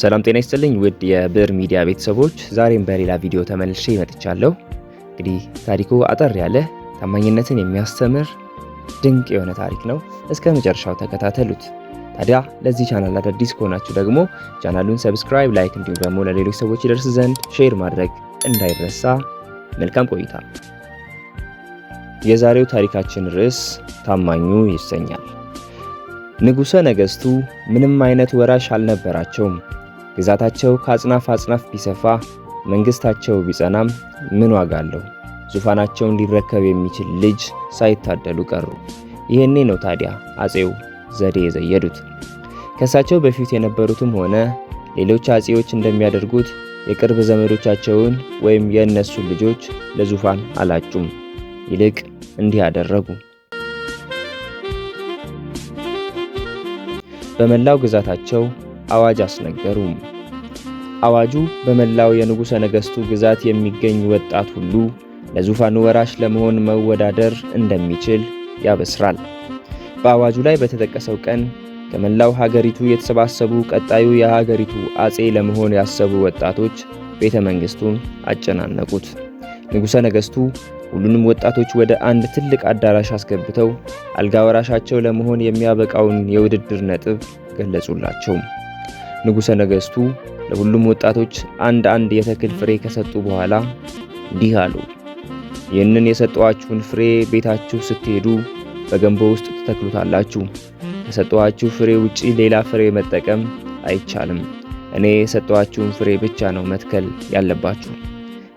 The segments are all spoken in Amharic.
ሰላም ጤና ይስጥልኝ ውድ የብዕር ሚዲያ ቤተሰቦች፣ ዛሬም በሌላ ቪዲዮ ተመልሼ መጥቻለሁ። እንግዲህ ታሪኩ አጠር ያለ ታማኝነትን የሚያስተምር ድንቅ የሆነ ታሪክ ነው። እስከ መጨረሻው ተከታተሉት። ታዲያ ለዚህ ቻናል አዳዲስ ከሆናችሁ ደግሞ ቻናሉን ሰብስክራይብ፣ ላይክ እንዲሁም ደግሞ ለሌሎች ሰዎች ይደርስ ዘንድ ሼር ማድረግ እንዳይረሳ። መልካም ቆይታ። የዛሬው ታሪካችን ርዕስ ታማኙ ይሰኛል። ንጉሠ ነገሥቱ ምንም አይነት ወራሽ አልነበራቸውም። ግዛታቸው ከአጽናፍ አጽናፍ ቢሰፋ መንግስታቸው ቢጸናም ምን ዋጋ አለው? ዙፋናቸውን ሊረከብ የሚችል ልጅ ሳይታደሉ ቀሩ። ይህኔ ነው ታዲያ አጼው ዘዴ የዘየዱት። ከእሳቸው በፊት የነበሩትም ሆነ ሌሎች አጼዎች እንደሚያደርጉት የቅርብ ዘመዶቻቸውን ወይም የእነሱን ልጆች ለዙፋን አላጩም። ይልቅ እንዲህ አደረጉ። በመላው ግዛታቸው አዋጅ አስነገሩ። አዋጁ በመላው የንጉሠ ነገሥቱ ግዛት የሚገኝ ወጣት ሁሉ ለዙፋኑ ወራሽ ለመሆን መወዳደር እንደሚችል ያበስራል። በአዋጁ ላይ በተጠቀሰው ቀን ከመላው ሀገሪቱ የተሰባሰቡ ቀጣዩ የሀገሪቱ አጼ ለመሆን ያሰቡ ወጣቶች ቤተ መንግሥቱን አጨናነቁት። ንጉሠ ነገሥቱ ሁሉንም ወጣቶች ወደ አንድ ትልቅ አዳራሽ አስገብተው አልጋ ወራሻቸው ለመሆን የሚያበቃውን የውድድር ነጥብ ገለጹላቸው። ንጉሠ ነገሥቱ ለሁሉም ወጣቶች አንድ አንድ የተክል ፍሬ ከሰጡ በኋላ እንዲህ አሉ። ይህንን የሰጠኋችሁን ፍሬ ቤታችሁ ስትሄዱ በገንቦ ውስጥ ትተክሉታላችሁ። ከሰጠኋችሁ ፍሬ ውጪ ሌላ ፍሬ መጠቀም አይቻልም። እኔ የሰጠኋችሁን ፍሬ ብቻ ነው መትከል ያለባችሁ።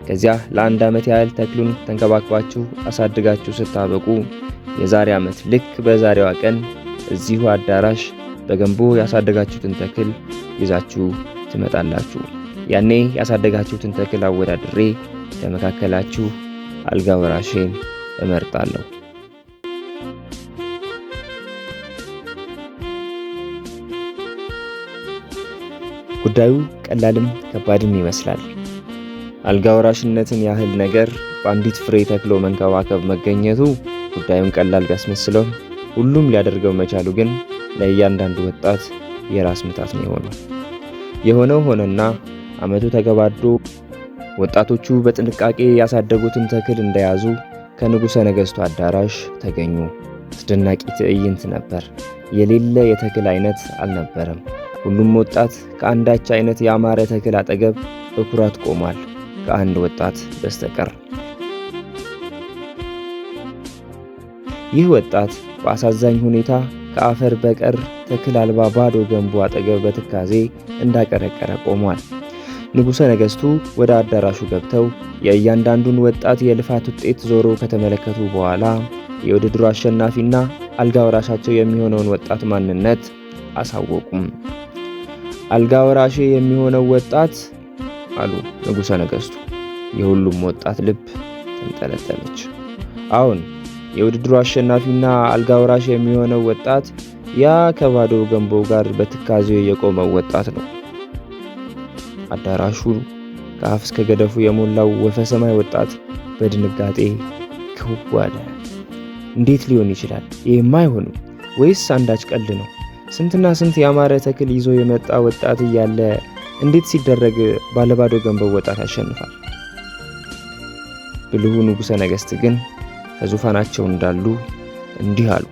ከዚያ ለአንድ ዓመት ያህል ተክሉን ተንከባክባችሁ አሳድጋችሁ ስታበቁ የዛሬ ዓመት ልክ በዛሬዋ ቀን እዚሁ አዳራሽ በገንቦ ያሳደጋችሁትን ተክል ይዛችሁ ትመጣላችሁ። ያኔ ያሳደጋችሁትን ተክል አወዳድሬ ከመካከላችሁ አልጋ ወራሼን እመርጣለሁ። ጉዳዩ ቀላልም ከባድም ይመስላል። አልጋ ወራሽነትን ያህል ነገር በአንዲት ፍሬ ተክሎ መንከባከብ መገኘቱ ጉዳዩን ቀላል ቢያስመስለው ሁሉም ሊያደርገው መቻሉ ግን ለእያንዳንዱ ወጣት የራስ ምታት ነው የሆነው። የሆነው ሆነና አመቱ ተገባዶ ወጣቶቹ በጥንቃቄ ያሳደጉትን ተክል እንደያዙ ከንጉሠ ነገሥቱ አዳራሽ ተገኙ። አስደናቂ ትዕይንት ነበር። የሌለ የተክል አይነት አልነበረም። ሁሉም ወጣት ከአንዳች አይነት ያማረ ተክል አጠገብ በኩራት ቆሟል፣ ከአንድ ወጣት በስተቀር። ይህ ወጣት በአሳዛኝ ሁኔታ ከአፈር በቀር ተክል አልባ ባዶ ገንቦ አጠገብ በትካዜ እንዳቀረቀረ ቆሟል። ንጉሠ ነገሥቱ ወደ አዳራሹ ገብተው የእያንዳንዱን ወጣት የልፋት ውጤት ዞሮ ከተመለከቱ በኋላ የውድድሩ አሸናፊና አልጋ ወራሻቸው የሚሆነውን ወጣት ማንነት አሳወቁም። አልጋ ወራሼ የሚሆነው ወጣት አሉ ንጉሠ ነገሥቱ። የሁሉም ወጣት ልብ ተንጠለጠለች። አሁን የውድድሩ አሸናፊና አልጋ የሚሆነው ወጣት ያ ከባዶ ገንቦ ጋር በትካዜው የቆመው ወጣት ነው። አዳራሹ ከአፍ እስከ ገደፉ የሞላው ወፈ ሰማይ ወጣት በድንጋጤ ክው አለ። እንዴት ሊሆን ይችላል? ይህም አይሆንም። ወይስ አንዳች ቀልድ ነው? ስንትና ስንት ያማረ ተክል ይዞ የመጣ ወጣት እያለ እንዴት ሲደረግ ባለባዶ ገንበው ወጣት ያሸንፋል? ብልሁ ንጉሠ ነገሥት ግን በዙፋናቸው እንዳሉ እንዲህ አሉ።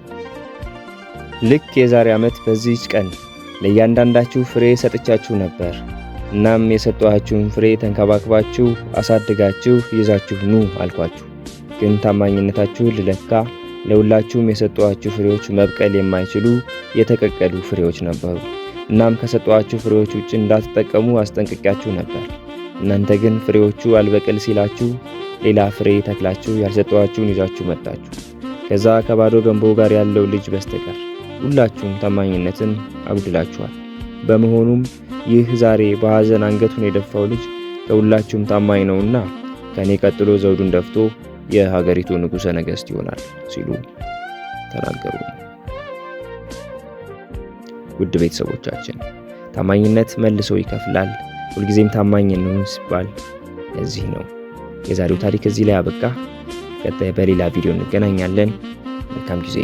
ልክ የዛሬ ዓመት በዚህች ቀን ለእያንዳንዳችሁ ፍሬ ሰጥቻችሁ ነበር። እናም የሰጠኋችሁን ፍሬ ተንከባክባችሁ አሳድጋችሁ ይዛችሁ ኑ አልኳችሁ። ግን ታማኝነታችሁን ልለካ ለሁላችሁም የሰጠኋችሁ ፍሬዎች መብቀል የማይችሉ የተቀቀሉ ፍሬዎች ነበሩ። እናም ከሰጠኋችሁ ፍሬዎች ውጭ እንዳትጠቀሙ አስጠንቅቂያችሁ ነበር። እናንተ ግን ፍሬዎቹ አልበቅል ሲላችሁ ሌላ ፍሬ ተክላችሁ ያልሰጠዋችሁን ይዛችሁ መጣችሁ። ከዛ ከባዶ ገንቦ ጋር ያለው ልጅ በስተቀር ሁላችሁም ታማኝነትን አጉድላችኋል። በመሆኑም ይህ ዛሬ በሐዘን አንገቱን የደፋው ልጅ ከሁላችሁም ታማኝ ነውና ከእኔ ቀጥሎ ዘውዱን ደፍቶ የሀገሪቱ ንጉሠ ነገሥት ይሆናል ሲሉ ተናገሩ። ውድ ቤተሰቦቻችን ታማኝነት መልሶ ይከፍላል። ሁልጊዜም ታማኝ እንሁን ሲባል እዚህ ነው። የዛሬው ታሪክ እዚህ ላይ አበቃ። ቀጣይ በሌላ ቪዲዮ እንገናኛለን። መልካም ጊዜ